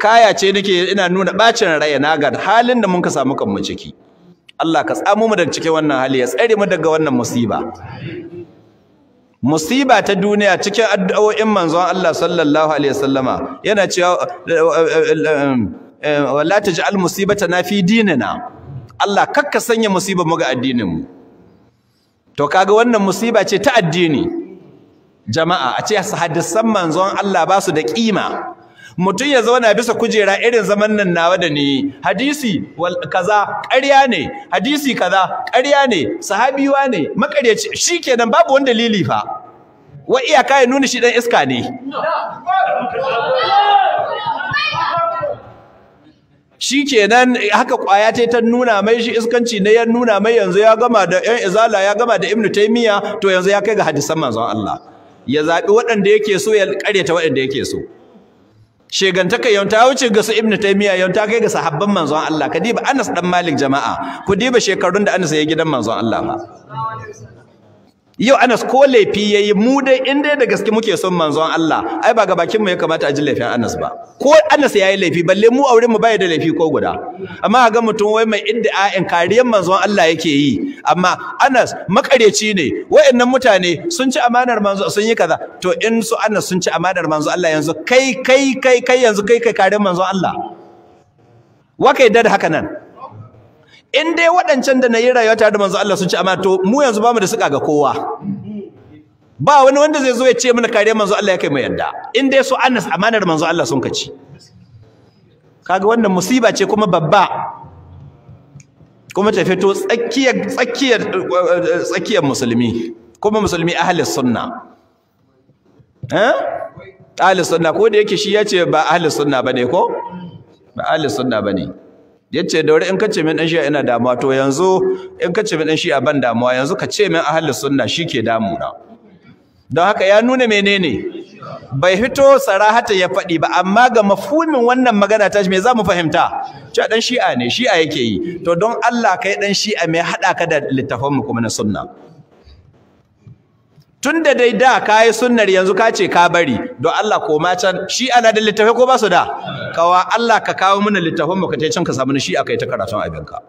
kaya ce nake ina nuna bacin rai na ga halin da muka samu kanmu ciki Allah ka tsamo mu daga cikin wannan hali ya tsare mu daga wannan musiba musiba ta duniya cikin addu'o'in manzon Allah sallallahu alaihi wasallama yana cewa wala taj'al na fi dinina Allah kakka sanya musiba mu ga addinin mu to kaga wannan musiba ce ta addini jama'a a ce hadisan manzon Allah ba su da kima mutum ya zauna bisa kujera irin zaman nan nawa da ni hadisi kaza ƙarya ne hadisi kaza ƙarya ne sahabiwa ne makaryaci shikenan babu wanda dalili fa wa iyaka ya nuna shi dan iska ne shikenan haka kwaya ta ta nuna mai shi iskanci ne ya nuna mai yanzu ya gama da yan izala ya gama da ibnu taymiya to yanzu ya kai ga hadisan manzon Allah ya zabi waɗanda yake so ya ƙaryata waɗanda yake so shegantaka yau ta wuce ga su ibnu taymiya yau ta kai ga sahabban manzon Allah kadiba Anas dan Malik jama'a ku diba shekarun da Anas ya gidan manzon Allah ba yau Anas ko laifi yayi mu dai in dai da gaske muke son manzon Allah ai ba ga bakin mu ya kamata a ji laifin Anas ba ko Anas ya yi laifi balle mu aure mu baya da laifi ko guda amma ga mutum wai mai inda iddia'in kariyar manzon Allah yake yi amma Anas makareci ne wayannan mutane sun ci amanar manzo sun yi kaza to in su Anas sun ci amanar manzo Allah yanzu kai kai kai kai yanzu kai kai kariyar manzon Allah wa kai da haka nan in dai waɗancan da na yi rayuwa tare da manzo Allah sun ci amana to mu yanzu bamu da suka ga kowa ba wani wanda zai zo ya ce mana kare manzo Allah ya kai mu yadda in dai su Anas amanar manzo Allah sun kaci kaga wannan musiba ce kuma babba kuma ta fito tsakiyar tsakiyar tsakiyar musulmi kuma musulmi ahli sunna eh ahli sunna ko da yake shi ya ce ba ahli sunna bane ko ba ahli sunna bane yace da wuri in ka ce min dan shi'a ina damuwa to yanzu in ka min dan shi'a ban damuwa yanzu ka ce min ahlus sunna damu na. don haka ya nuna menene bai fito sarahata ya faɗi ba amma ga mafhumin wannan magana ta me za mu fahimta cewa dan shi'a ne shi'a yake yi to don Allah kai dan shi'a me hada ka da littafan mu kuma na sunna tun da dai da kayi yi sunnar yanzu ka ce ka bari don Allah ko ma can shi ana da littafai ko ba su da kawa Allah ka kawo mana littafin mu ka tai can ka samu shi akai ta karatun abinka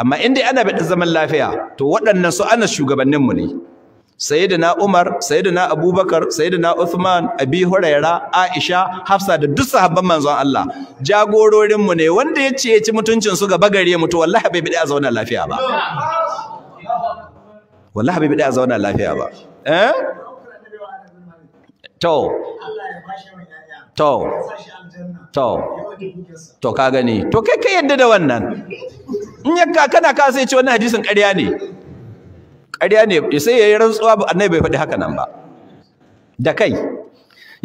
amma in dai ana bada zaman lafiya to waɗannan su ana shugabannin mu ne sayyidina Umar sayyidina Abubakar sayyidina Uthman Abi Huraira Aisha Hafsa da duk sahabban manzon Allah jagororin mu ne wanda ya ce ya ci mutuncin su gaba gare mu to wallahi bai bi a zauna lafiya ba wallahi habibi bi da zauna lafiya ba eh to to to to ka gani to kai kai yadda da wannan in ya ka kana ka sai ce wannan hadisin ƙarya ne ƙarya ne sai yayi rantsuwa annabi bai faɗi haka nan ba da kai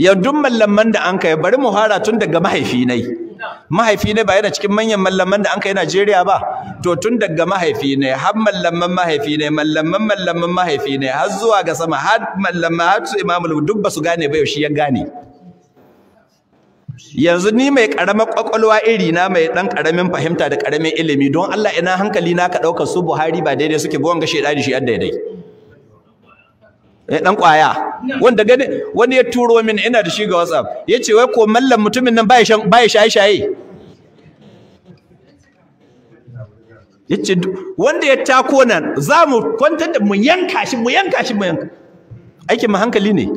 ya duk mallaman da an kai bari mu hara tun daga mahaifi nai mahaifi ne ba yana cikin manyan mallaman da an kai Najeriya ba to tun daga mahaifi ne har mallaman mahaifi ne mallaman mallaman mahaifi ne har zuwa ga sama har mallaman har su imamu duk ba su gane ba yaushe ya gane yanzu ni mai karamar kwakwalwa iri na mai dan karamin fahimta da karamin ilimi don Allah ina hankali na ka daukar su Buhari ba daidai suke buwan ga shedani shi an daidai eh dan kwaya wanda gani wani ya turo min ina da shi ga WhatsApp yace wai ko mallam mutumin nan baya baya shaye shaye yace wanda ya tako nan za mu kwantar da mu yanka shi mu yanka shi mu yanka aikin mu hankali ne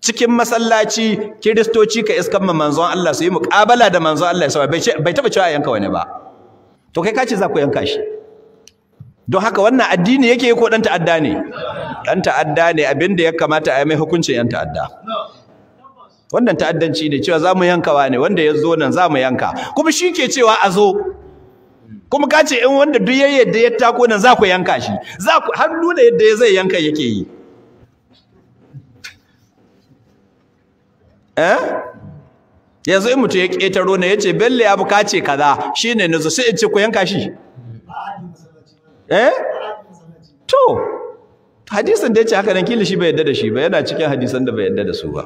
cikin masallaci kiristoci ka iskan ma manzon Allah su yi muƙabala da manzon Allah ya bai taba cewa yanka wani ba to kai ka ce za ku yanka shi don haka wannan addini yake ko dan ta'adda ne dan ta'adda ne abinda ya kamata a yi mai hukuncin yan ta'adda wannan ta'addanci ne cewa zamu wa ne wanda ya zo nan zamu yanka kuma shi ke cewa a zo kuma ka ce in wanda duk yayi yadda ya tako nan za ku yanka shi za ku har nuna yadda ya zai yanka yake yi eh yanzu in mutum ya ƙetaro na ya ce belle ya ce kaza shine nazo sai in ce ku yanka shi eh to hadisin da ya ce haka nan kila shi bai yadda da shi ba yana cikin hadisan da bai yadda da su ba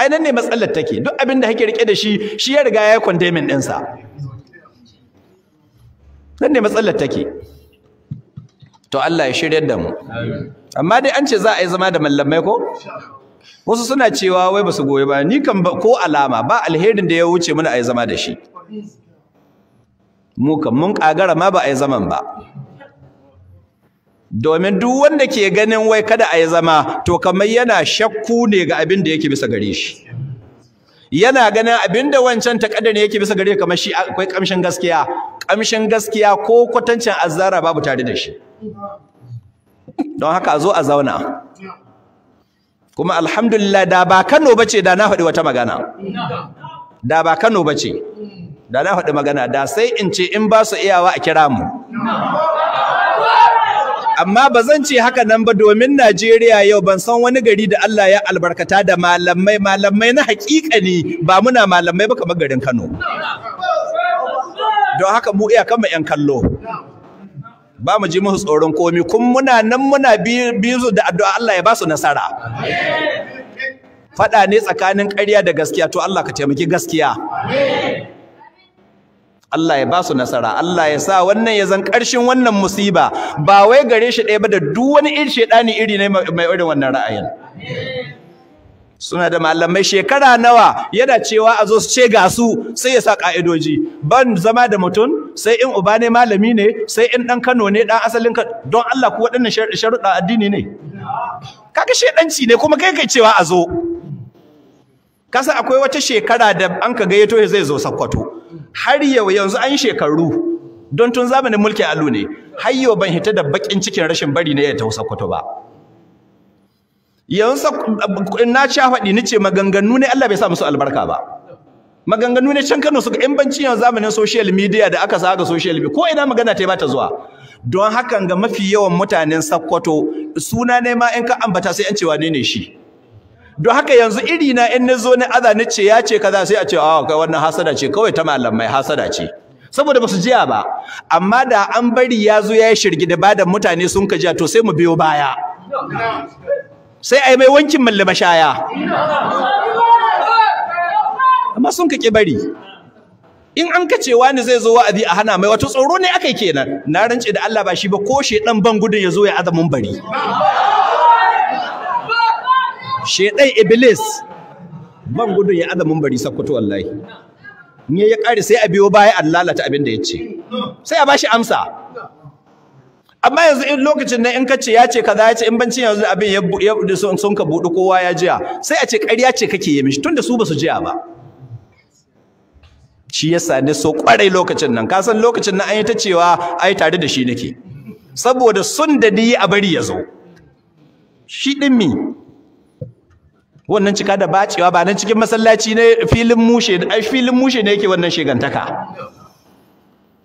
ai nan ne matsalar take duk abin da kake rike da shi shi ya riga ya yi condemning ɗinsa nan ne matsalar take to Allah ya shiryar da mu amma dai an ce za a yi zama da mallamai ko wasu suna cewa wai ba su goyi ba ni kan ko alama ba alherin da ya wuce muna a yi zama da shi mu kan mun kagara ma ba a yi zaman ba domin duk wanda ke ganin wai kada a yi zama to kamar yana shakku ne ga abin da yake bisa gare shi yana ganin abin da wancan takaddar ne yake bisa gare kamar shi akwai kamshin gaskiya kamshin gaskiya ko kwatancin azzara babu tare da shi don haka a zo a zauna kuma alhamdulillah da ba Kano bace da na faɗi wata magana da ba Kano bace da na faɗi magana da sai in ce in ba su iyawa a kira mu amma ba zan ce haka nan ba domin Najeriya yau ban san wani gari da Allah ya albarkata da malamai malamai na hakika ne ba muna malamai ba kamar garin Kano don haka mu iya kama yan kallo ba mu ji musu tsoron komi kun muna nan muna biyu da addu'a Allah ya ba su nasara faɗa ne tsakanin ƙarya da gaskiya to Allah ka taimaki gaskiya Allah ya ba su nasara Allah ya sa wannan ya zan ƙarshen wannan musiba ba wai gare shi ɗaya ba da duk wani irin shedani iri ne mai irin wannan ra'ayin suna da malamai shekara nawa yana cewa a zo su ce ga su sai ya sa ka'idoji ban zama da mutum sai in uba ne malami ne sai in dan Kano ne dan asalin ka don Allah ku waɗannan sharuɗa addini ne kaga shedanci ne kuma kai kai cewa a zo kasa akwai wata shekara da an ka gayyato zai zo Sakkwato har yau yanzu an shekaru don tun zamanin mulkin allu ne har ban hita da bakin cikin rashin bari na ya tausa kwato ba yanzu na sha faɗi ni ce maganganu ne Allah bai sa musu albarka ba maganganu ne can Kano suka in banci yanzu zamanin social media da aka saka social media ko ina magana ta ba ta zuwa don hakan ga mafi yawan mutanen Sokoto suna ne ma in ka ambata sai an cewa ne ne shi don haka yanzu iri na in nazo na aza na ce ya ce kaza sai a ce a ah, kai wannan hasada ce kawai ta malamai hasada ce saboda basu jiya ba amma da an bari ya zo ya yi da ba da mutane sun ka jiya to sai mu biyo baya sai a yi mai wankin mallaba shaya amma sun ka bari in an ka cewa wani zai zo wa'azi a hana mai wata tsoro ne akai kenan na rance da Allah ba shi ba ko shedan ban gudun ya zo ya azamin bari shedai iblis ban gudun ya azumin bari sakkwato wallahi in ya kare sai a biyo baya a lalata abin da ya ce sai a bashi amsa amma yanzu in lokacin nan in ka ce ya ce kaza ya ce in bancin yanzu abin ya sun ka budu kowa ya jiya sai a ce ƙarya ce kake yi mishi tunda su ba su jiya ba shi yasa ne so kwarai lokacin nan kasan lokacin nan an yi ta cewa ai tare da shi nake saboda sun da ni a bari ya zo shi din mi wannan cika da bacewa ba nan cikin masallaci ne filin mushe ai filin mushe ne yake wannan shegantaka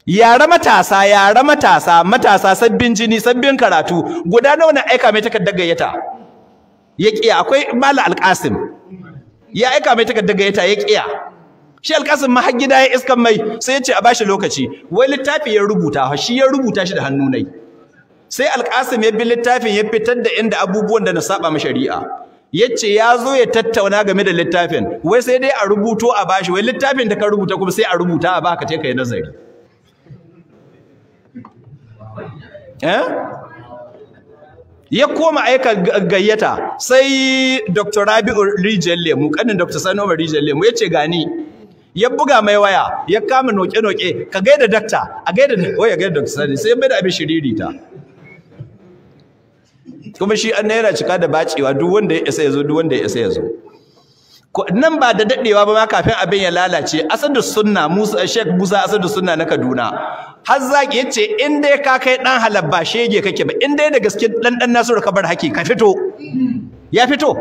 yara matasa yara matasa matasa sabbin jini sabbin karatu guda nawa na aika mai takardar gayyata ya kiya akwai mala alqasim ya aika mai takardar gayyata ya kiya shi alqasim ma har gida ya iskan mai sai ya ce a bashi lokaci wai littafi ya rubuta shi ya rubuta shi da hannu nai sai alqasim ya bi littafin ya fitar da inda abubuwan da na saba ma shari'a yace ya zo ya tattauna game da littafin wai sai dai a rubuto a bashi wai littafin da ka rubuta kuma sai a rubuta a baka ce kai nazari eh ya koma aika gayyata sai Dr. Rabi'u Rijal Lemu kanin Dr. Sanoma Rijal Lemu yace gani ya buga mai waya ya kama noke-noke ka gaida dakta a gaida waya gaida Dr. Sani sai mai da abin shiririta kuma shi an yana cika da bacewa duk wanda ya isa ya zo duk wanda ya isa ya zo nan ba da dadewa ba ma kafin abin ya lalace asadu sunna Musa Sheikh Musa asadu sunna na Kaduna har zaki yace in dai ka kai dan halabba shege kake ba in dai da gaske dan dan nasu ka bar haki ka fito ya fito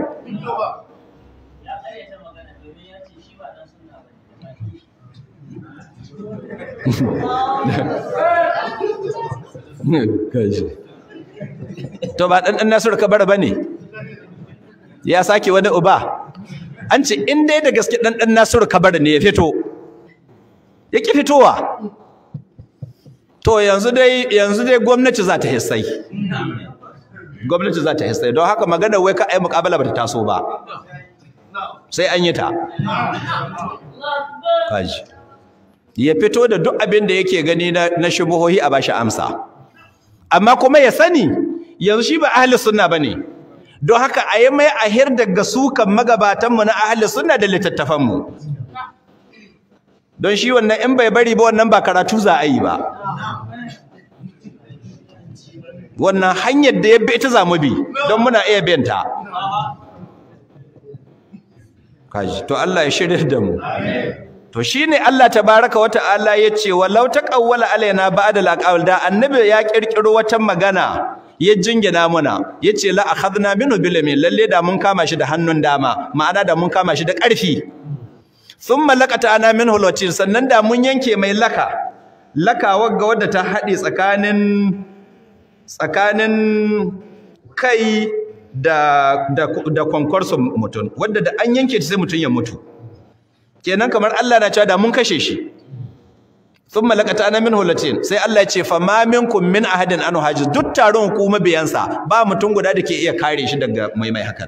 Kaji. to ba ɗanɗan nasiru kabara ba ne ya sake wani uba an ce in dai da gaske ɗanɗan nasiru kabara ne ya fito ya ƙi fitowa to yanzu dai yanzu dai gwamnati za ta hissai gwamnati za ta hissai don haka magana wai ka ai muƙabala ba ta taso ba sai an yi ta kaji ya fito da duk abin da yake gani na shubuhohi a bashi amsa amma kuma ya sani yanzu shi ba ahli sunna bane don haka a yi mai ahir daga sukan magabatanmu na ahli sunna da littattafanmu don shi wannan in bai bari ba wannan ba karatu za a yi ba wannan hanyar da ya bi ita za mu bi don muna iya binta kaji to Allah ya shirya da mu to shine Allah tabaraka wa ta'ala yace walau taqawwala alaina ba'da laqawl da annabi ya kirkiro wata magana ya jingina muna ce la a minhu minu bilimin lalle da mun kama shi da hannun dama ma'ana da mun kama shi da ƙarfi thumma laqata ana min latin sannan da mun yanke mai laka laka wagga wadda ta haɗe tsakanin tsakanin kai da da da kwankwarso mutum wadda da an yanke ta sai mutum ya mutu kenan kamar Allah na cewa da mun kashe shi Sun thumma laqata'na min hulacin sai Allah ya ce fa ma minkum min ahadin anu hajiz duk taron ku mabiyansa ba mutum guda da ke iya kare shi daga mai mai haka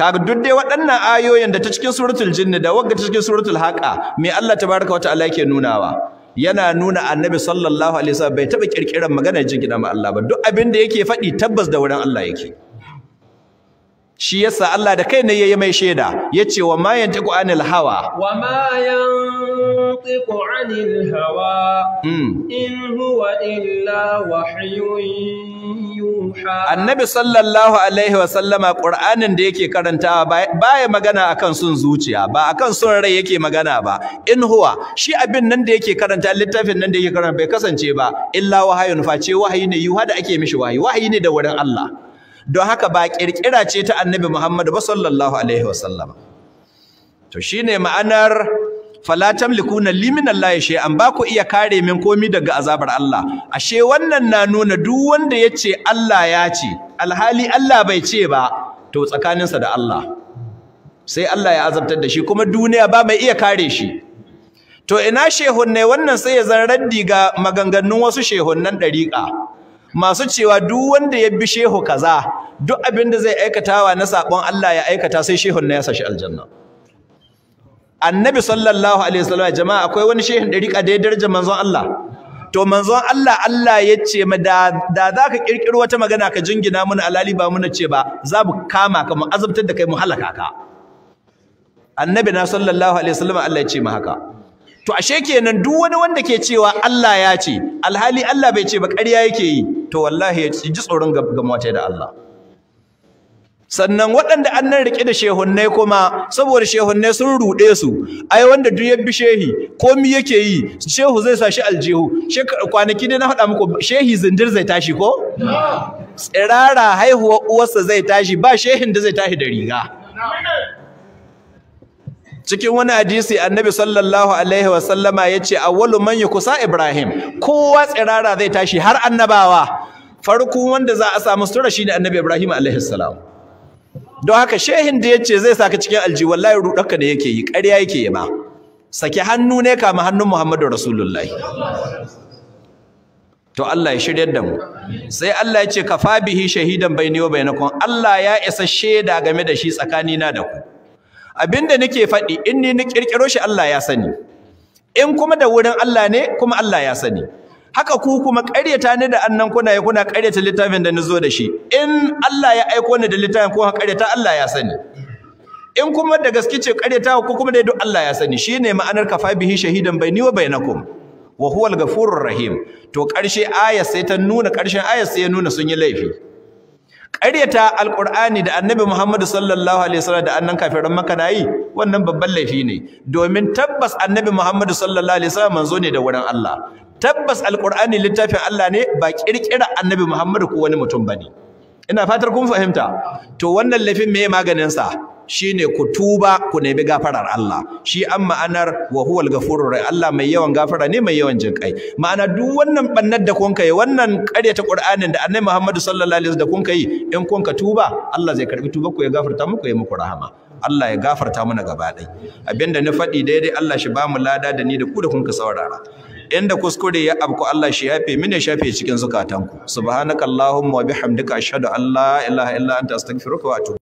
kaga duk dai waɗannan ayoyin da ta cikin suratul jinni da wagga ta cikin suratul haqa me Allah tabaraka wa ta'ala yake nunawa yana nuna annabi sallallahu alaihi wasallam bai taba kirkiran magana jin ma Allah ba duk abin da yake faɗi tabbas da wurin Allah yake shi yasa Allah da kai ne yayi mai shaida yace wa ma yantiqu anil hawa wa ma yantiqu anil hawa hmm. in huwa illa wahyun yuha annabi sallallahu alaihi wa sallama qur'anin da yake karantawa baya magana akan sun zuciya ba akan sun rai yake magana ba in huwa shi abin nan da yake karanta littafin nan da yake karanta bai kasance ba illa fa ce wahayi ne yuha da ake mishi wahayi wahayi ne da wurin Allah don haka ba kirkira ce ta annabi Muhammad ba sallallahu alaihi wasallam to shine ma'anar fala tamlikuna limin Allah an ba ku iya kare min komi daga azabar Allah ashe wannan na nuna duk wanda yace Allah ya ce alhali Allah bai ce ba to tsakaninsa da Allah sai Allah ya azabtar da shi kuma duniya ba mai iya kare shi to ina shehunne wannan sai ya zan raddi ga maganganun wasu shehunnan dariƙa masu cewa duk wanda ya bi shehu kaza duk abin da zai aikatawa na sabon Allah ya aikata sai shehun na ya sashi aljanna annabi sallallahu alaihi wasallam jama'a akwai wani shehin rika da ya daraja manzon Allah to manzon Allah Allah ya ce ma da da ka kirkiro wata magana ka jingina mun alali ba mun ce ba za mu kama ka mu azabtar da kai mu halaka ka annabi na sallallahu alaihi wasallam Allah ya ce ma haka to ashe kenan duk wani wanda ke cewa Allah ya ce alhali Allah bai ce ba ƙarya yake yi to wallahi ya ji tsoron gamuwa da Allah sannan waɗanda an nan riƙe da shehunnai kuma saboda shehunnai sun ruɗe su ai wanda duk ya bi shehi komi yake yi shehu zai sa shi aljihu kwanaki dai na faɗa muku shehi zindir zai tashi ko tsirara haihuwar uwarsa zai tashi ba shehin da zai tashi da riga cikin wani hadisi annabi sallallahu alaihi wasallama yace awwalu man kusa ibrahim kowa tsirara zai tashi har annabawa farko wanda za a samu sura shine annabi ibrahim alaihi salam don haka shehin da yace zai saka cikin alji wallahi rudarka da yake yi ƙarya yake yi ma saki hannu ne kama hannun muhammadu rasulullahi to Allah ya shiryar da mu sai Allah ya ce kafa bihi shahidan bainiyo bainakum Allah ya isa shaida game da shi tsakanina da ku abinda nake faɗi in ni ni kirkiro shi Allah ya sani in kuma da wurin Allah ne kuma Allah ya sani haka ku kuma ƙaryata ni da annan kuna ya kuna ƙaryata littafin da nazo da shi in Allah ya aiko ni da littafin ko ƙaryata Allah ya sani in kuma da gaske ce ƙaryata ko kuma da duk Allah ya sani shine ma'anar kafa bihi shahidan baini wa bainakum wa huwal ghafurur rahim to ƙarshe ayat sai ta nuna ƙarshen ayat sai ya nuna sun yi laifi ƙaryata alƙur'ani da annabi Muhammadu sallallahu alaihi wasallam da annan kafirin maka na yi wannan babban laifi ne domin tabbas annabi Muhammadu sallallahu alaihi wasallam manzo ne da wurin Allah tabbas alƙur'ani littafin Allah ne ba ƙirƙira annabi Muhammadu ko wani mutum bane ina fatar kun fahimta to wannan laifin me maganin sa shine ku tuba ku nemi gafarar Allah shi an ma'anar wa huwal ghafurur Allah mai yawan gafara ne mai yawan jinkai ma'ana duk wannan bannar da kun kai wannan ƙaryata Qur'anin da Annabi Muhammad sallallahu alaihi wasallam da kun kai in kun ka tuba Allah zai karbi tuba ku ya gafarta muku ya muku rahama Allah ya gafarta mana gaba dai abinda na faɗi daidai Allah shi ba mu lada da ni da ku da kun ka saurara inda kuskure ya abku Allah shi yafe mini shafe cikin zukatanku subhanakallahumma wa bihamdika ashhadu an la ilaha illa anta astaghfiruka wa atubu